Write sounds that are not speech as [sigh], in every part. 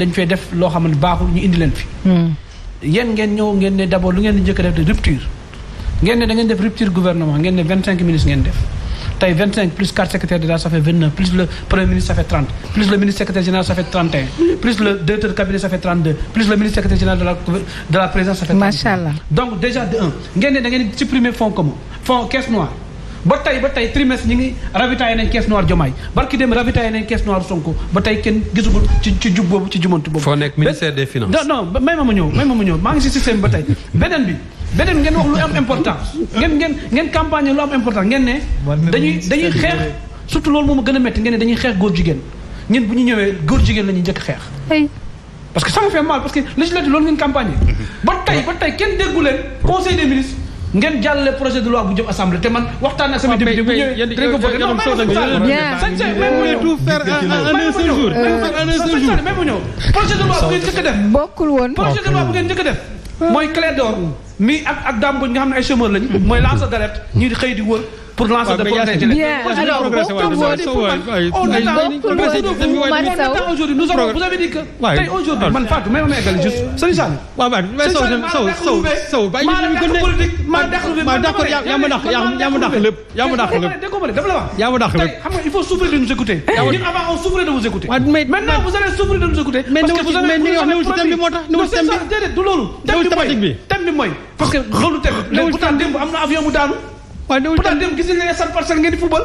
dañ fee def loo xam ne baaxul ñu indi leen fi. Hmm. yéen ngeen ñëw ngeen ne d' abord lu ngeen di njëkk def de rupture. ngeen ne da def rupture gouvernement ngeen ne vingt cinq ministres ngeen def tey vingt cinq plus quatre secrétaires d'État ça fait vingt neuf plus le premier ministre ça fait trente plus le ministre secrétaire général ça fait trente et plus le directeur de cabinet ça trente deux plus le ministre secrétaire général de la présidence ça fait. macha ba tey ba tey trimestre ñi ngi ravitaillé nañ caisse noire Diomaye barki dem ravitaillé nañ caisse noire Sonko ba tey kenn gisugul ci ci jub boobu ci jumantu boobu. foo nekk ministère des finances. non non may ma ma ñëw may ma ma ñëw maa ngi si système bi ba tey beneen bi beneen ngeen wax lu am important ngeen ngeen ngeen campagne lu am important ngeen ne. dañuy xeex surtout loolu moom a gën a métti ngeen ne dañuy xeex góor jigéen ñun bu ñu ñëwee góor jigéen la ñuy njëkk xeex. parce que ça que législative loolu ngeen campagne mm-hmm. ba tey ba tey kenn déggu ngeen jàllale projet de loi bu jëm assemblée te man waxtaan ak sama député bu ñëwee dinañ ko voté non mais même tout faire un seul jour même mu ñëw projet de a def bokkul woon projet de loi bu mooy clé d'or mi ak ak daam nga xam ay chômeur lañ hmm. mooy lanceur d'alerte ñi xëy di wër pour lancer de progrès. Bien, alors aujourd'hui nous aurons vous avez dit que tey aujourd'hui man Fatou may ma eggal juste sëñ Sall waaw waaw mais Sow Sow Sow Sow bàyyi ñu gën ne ma d'accord yaa ma dàq yaa ma dàq lépp yaa ma dàq lépp yaa ma dàq lépp xam nga il faut souffrir de nous écouter ñun avant on souffrait de vous écouter maintenant vous allez souffrir de nous écouter parce que vous avez newul ci thème bi moo tax newul ci thème bi déedéet du loolu thème bi mooy parce que xolu thème pourtant démb am na avion bu daanu waaye néew pourtant dem gis nañ ne cent pour cent ngeen di football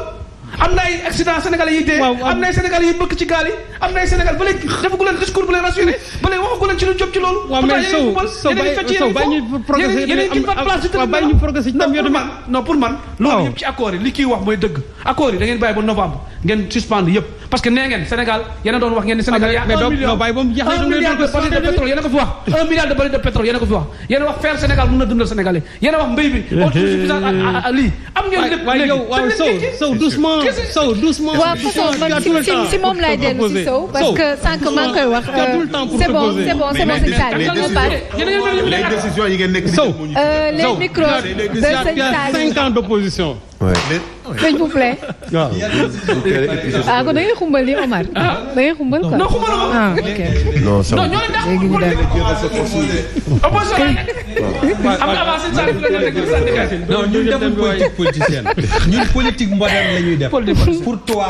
am na ay accident sénégalais yi dee am na ay sénégalais yi bëkk ci gaal yi am na ay sénégal ba léegi defagu leen discours bu leen rassuré ba léegi waxagu leen ci lu jëm ci loolu waaw mais sow sow bàyyi ñu progressé yeneen ci place ci waaw bàyyi ñu progressé ci tam yow man non pour man loolu yëpp ci accord yi li kii wax mooy dëgg accord yi da ngeen bàyyi ba novembre ngeen suspendre yëpp parce que nee ngeen Sénégal yéen a doon wax ngeen ni Sénégal ah, y' a un million un milliard de barils de pétrole yéen a ko fi wax [laughs] un milliard de barils de pétrole yéen a ko fi wax yéen a wax faire Sénégal mun na dundal Sénégalais yéen a wax mbéy bi autosuffisance à lii am ngeen lépp léegi waaw Sow Sow doucement Sow doucement waaw façon man si si moom laay dellu si Sow parce que sànq maa ngi koy wax euh, c'est bon c'est bon c'est bon sëñ Sall les décisions yi ngeen nekk Sow euh, les micros de sëñ Sall cinq ans d'opposition s'il vous plaît. waaw. ah kon da ngay xumbal di Omar. ah da ngay xumbal quoi. non xumbal ah ok. non ça va léegi ñu daal. am na avancé saa non ñun defuñ politique politicienne ñun politique moderne la ñuy def. pour toi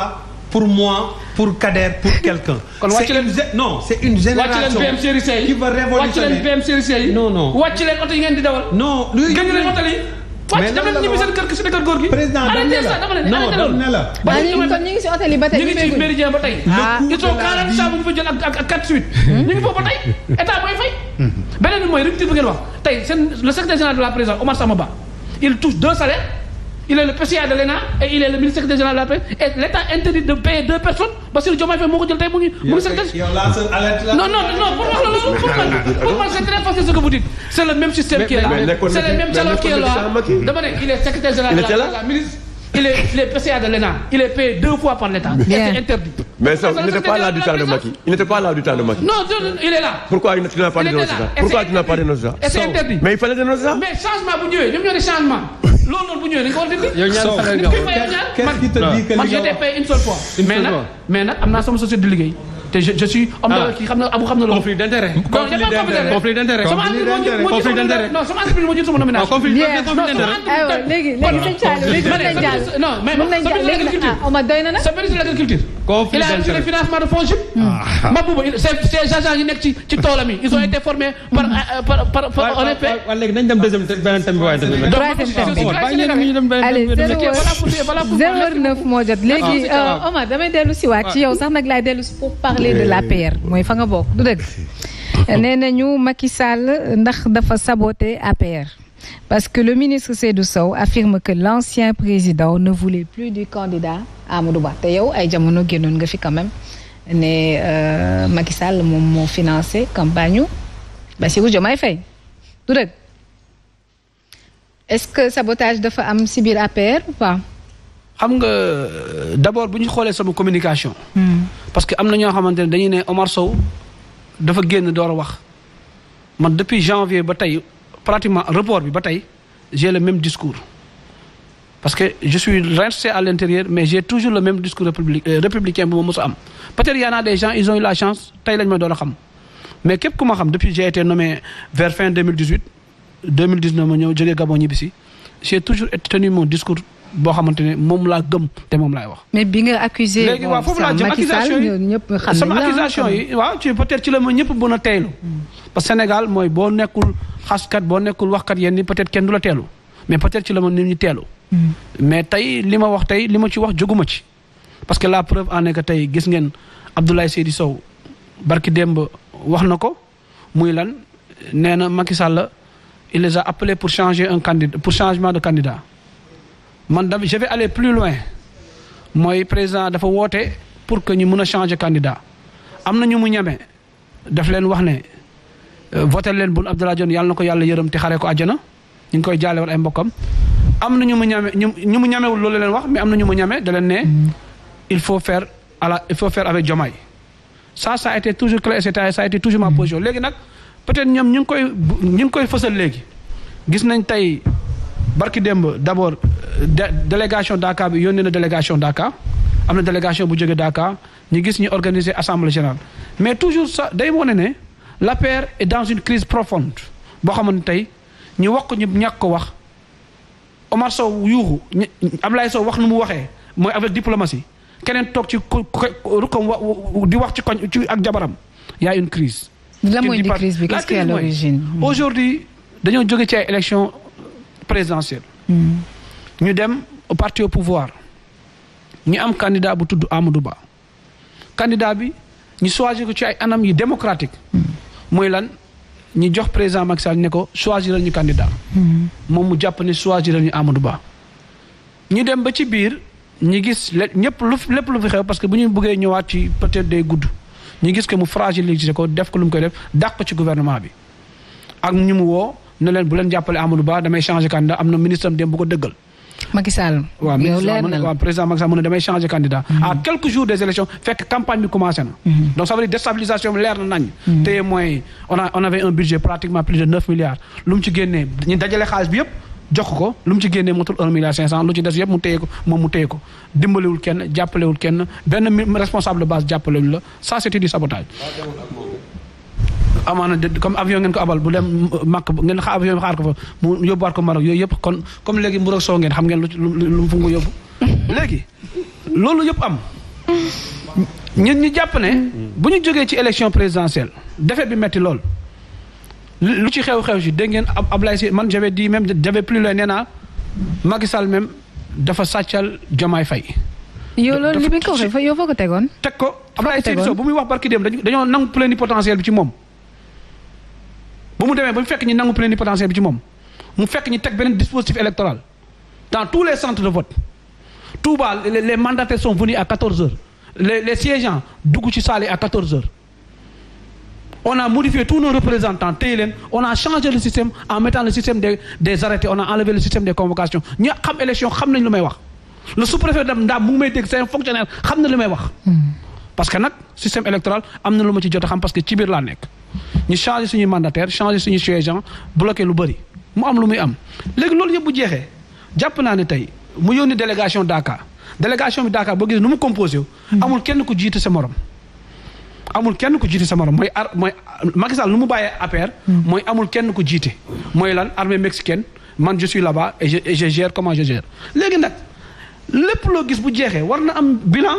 pour moi pour Kader pour quelqu'un. kon wàcc leen non c'est une génération. wàcc leen BM yi. qui va révolutionner wàcc leen BM yi. non non. wàcc leen oto yi ngeen di dawal. non luy gën leen oto yi. mais nan la wax kër président ne la ba ñu ngi si hôtel yi ba tey ñu ngi ci méridien ba tey. ah il faut 40 saabu bu fa jël ak ak 4 suite. Mhm. ñu ngi foofu ba tey état mooy fay. Mhm. beneen bi mooy rupture bi ngeen wax tey seen le secrétaire général de la présidence Omar Samba Ba il touche deux salaires il est le PCA de l'ENA et il est le ministre général de la paix et l'État interdit de la seule non non non pour la loolu c'est très facile que vous dites. c'est le même système qui est là c'est le même qui est la ministre. il n'était pas là du temps de Macky. il n'était pas là du temps de non il est là. pourquoi tu n'as pas dénoncé ça pourquoi tu interdit mais il fallait dénoncer ça. mais changement bu ñëwee ñoom ñoo di changement. loolu noonu bu ñëwee dañ ko war a dindi. yow ñaata salaire nga xam man j'étais payé une seule fois. mais nag mais nag am naa sama société di liggéey. te je je suis. am na kii xam na abu xam na loolu. conflit d'intérêt. conflit d'intérêt sama entreprise moo jiitu sama nomination. Ah, conflit d'intérêt eh léegi léegi sëñ Thialé léegi mën nañ jàll. non mais ah, sa ministre de l'agriculture sa ministre de l'agriculture conflit d'intérêt il a assuré financement de FONGIP. Ah. Mabouba ces agents yi nekk ci ci toolam yi. ils ont été formés par hmm. euh, par par par ONP. waaw léegi nañ dem deuxième beneen thème bi waaye tamit. allez 09 moo jot léegi ah, euh, Omar damay dellu si waat ah. ci yow sax nag laay dellu si pour parler de eh. l'APR mooy fa nga bokk du dëgg. [laughs] nee nañu Macky Sall ndax dafa saboté APR. parce que le ministre Seydou Sow affirme que l'ancien président ne voulait plus du candidat Amadou Ba te yow ay jamono génnoon nga fi quand même ne euh, Macky Sall moom moo financé campagne yu Bassirou Diomaye Faye du dëgg est-ce que sabotage dafa am si biir APR ou pas. xam nga euh, d'abord bu ñu xoolee sama communication. Hmm. parce que am na ñoo xamante ne ne Omar Sow dafa génn door a wax man depuis janvier ba tey pratiquement report bi ba tey j'ai le même discours parce que je suis resté à l'intérieur mais j'ai toujours le même discours euh, républicain bu ma mos a am peut-être y en a des gens ils ont eu la chance tey lañ ma doon xam mais képp ku xam depuis j'ai été nommé vers fin 2018 2019 ma ñëw jógee Gabon ñibbisi j'ai toujours tenu mon discours boo xamante ne moom laa gëm te moom laay wax. mais bi nga accusé léegi waaw foofu laa jëm accusation yi ñëpp xam sama accusation yi waaw ci peut ci la ma ñëpp mën a teelu parce que Sénégal mooy boo nekkul xaskat boo nekkul waxkat yenn peut-être kenn du la teelu mais peut-être ci la ma nit ñi teelu hmm. mais tey li ma wax tey li ma ci wax jóguma ci parce que la preuve en est que tey gis ngeen Abdoulaye Seydi Sow barki démb wax na ko muy lan nee na Macky Sall il les a appelés pour changer un candidat pour changement de candidat man dama je vais aller plus loin mooy président dafa woote pour que ñu mën a changer candidat am na ñu mu ñeme daf leen wax ne euh, voté leen Boun Abdallah Dionne yàlla na ko yàlla yërëm te xaree ko àjjana ñu ngi koy jaale ay mbokkam am na ñu mu ñame ñu ñu mu ñamewul loolu leen wax mais am na ñu ñame da leen ne mm. il faut faire à la il faut faire avec Diomaye ça ça a été toujours clair et cetera été toujours ma mm. position léegi nag peut-être ñoom ñu ngi koy ñu ngi koy fësal léegi gis nañ tey. barki démb d' abord délégation Dakar bi yónnee na délégation Dakar am na délégation bu jóge Dakar ñu gis ñu organiser assemblée générale mais toujours sax day wane ne l'APR est dans une crise profonde boo xamante tey ñu wax ko ñu ñàkk ko wax Omar Sow yuuxu Ablaye Sow wax nu mu waxee mooy avec diplomatie keneen toog ci rukkam di wax ci koñ ci ak jabaram y' a une crise. lan mooy di crise bi qu'est-ce qu'il y a à hmm. aujourd'hui dañoo jóge ci ay présidentielle. Hmm. ñu dem parti au pouvoir ñu am candidat bu tudd Amadou Ba. candidat bi ñu choisir ko ci ay anam yu démocratique. Hmm. mooy lan ñu jox président Macky ne ko choisiral ñu candidat. Hmm. moom mu jàpp ne choisiral ñu Amadou Ba. ñu dem ba ci biir ñu gis le ñëpp lu lépp lu fi xew parce que bu ñu buggee ñëwaat ci peut de day gudd. ñu gis que mu fragiliser ko def ko lu koy def dàq ko ci gouvernement bi ak ñu woo. ne leen bu leen jàppale Amadou Ba damay changé candidat am na ministre am dem bu dëggal. Macky mu ne damay changé candidat. Mm-hmm. à quelques jours des élections fekk campagne bi commencé na. Mm-hmm. donc ça veut dire déstabilisation bi leer na nañ. Mm-hmm. te mooy on a on avait un budget pratiquement plus de neuf milliards lu mu ci génnee ñu dajale xaalis bi yëpp. jox ko lu ci génnee motul un milliard cinq cent lu ci des yëpp mu téye moom mu téye dimbalewul kenn jàppalewul amaana de comme avion ngeen ko abal bu dem màkk ngeen xa avion xaar ko fa mu yóbbuwaat ko Maroc yooyu yëpp kon comme léegi mburu ak soow ngeen xam ngeen lu mu fu nga yóbbu léegi loolu yëpp am ñun ñu jàpp ne bu ñu jógee ci élection présidentielle défaite bi metti lool lu ci xew-xew si dégg ngeen Ablaye Si man j'avais di même j'avais plus loin nee naa Macky Sall même dafa sàccal Jomaay Fay yow loolu li bi ko waxee yow foo ko tegoon teg ko Ablaye Si bu muy wax barki dem dañoo nangu plénipotentiel bi ci moom mu demee ba mu fekk ñu nangu plénipotentiaire bi ci moom mu fekk ñu teg beneen dispositif électoral dans tous les centres de vote Touba les, les mandataires sont venus à 14 heures les siégeants dugg ci salle yi à 14 heures on a modifié tous nos représentants téye leen on a changé le système en mettant le système des des on a enlevé le système des convocations ñu xam élection xam nañ lu may wax le sous-préfet dam ndaam mu may dégg c'est na lu may wax hmm. parce que nag système électoral am na lu ma a xam que ci biir laa nekk ñu changé suñu mandataire changé suñu siégeant bloqué lu bëri mu am lu muy am léegi loolu yëpp bu jeexee jàpp naa ne tey mu yónni délégation Dakar délégation bi Dakar boo gisee nu mu composé wu. Hmm. amul kenn ku jiite sa morom. amul kenn ku jiite sa morom mooy ar mooy Macky Sall nu mu bàyyee APR. Hmm. mooy amul kenn ku jiite. mooy lan armée mexicaine man je suis là-bas et je et je comment je léegi nag lépp loo gis bu jeexee war na am bilan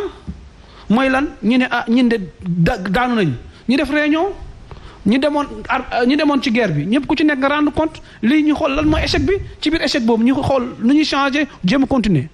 mooy lan ñu ne ah ñun de daanu nañu ñu def réunion. ñi demoon ar euh, ñi demoon ci guerre bi ñëpp ku ci nekk nga rendre compte lii ñu xool lan mooy échec bi ci biir échec boobu ñu xool nu ñuy changé jéem a continuer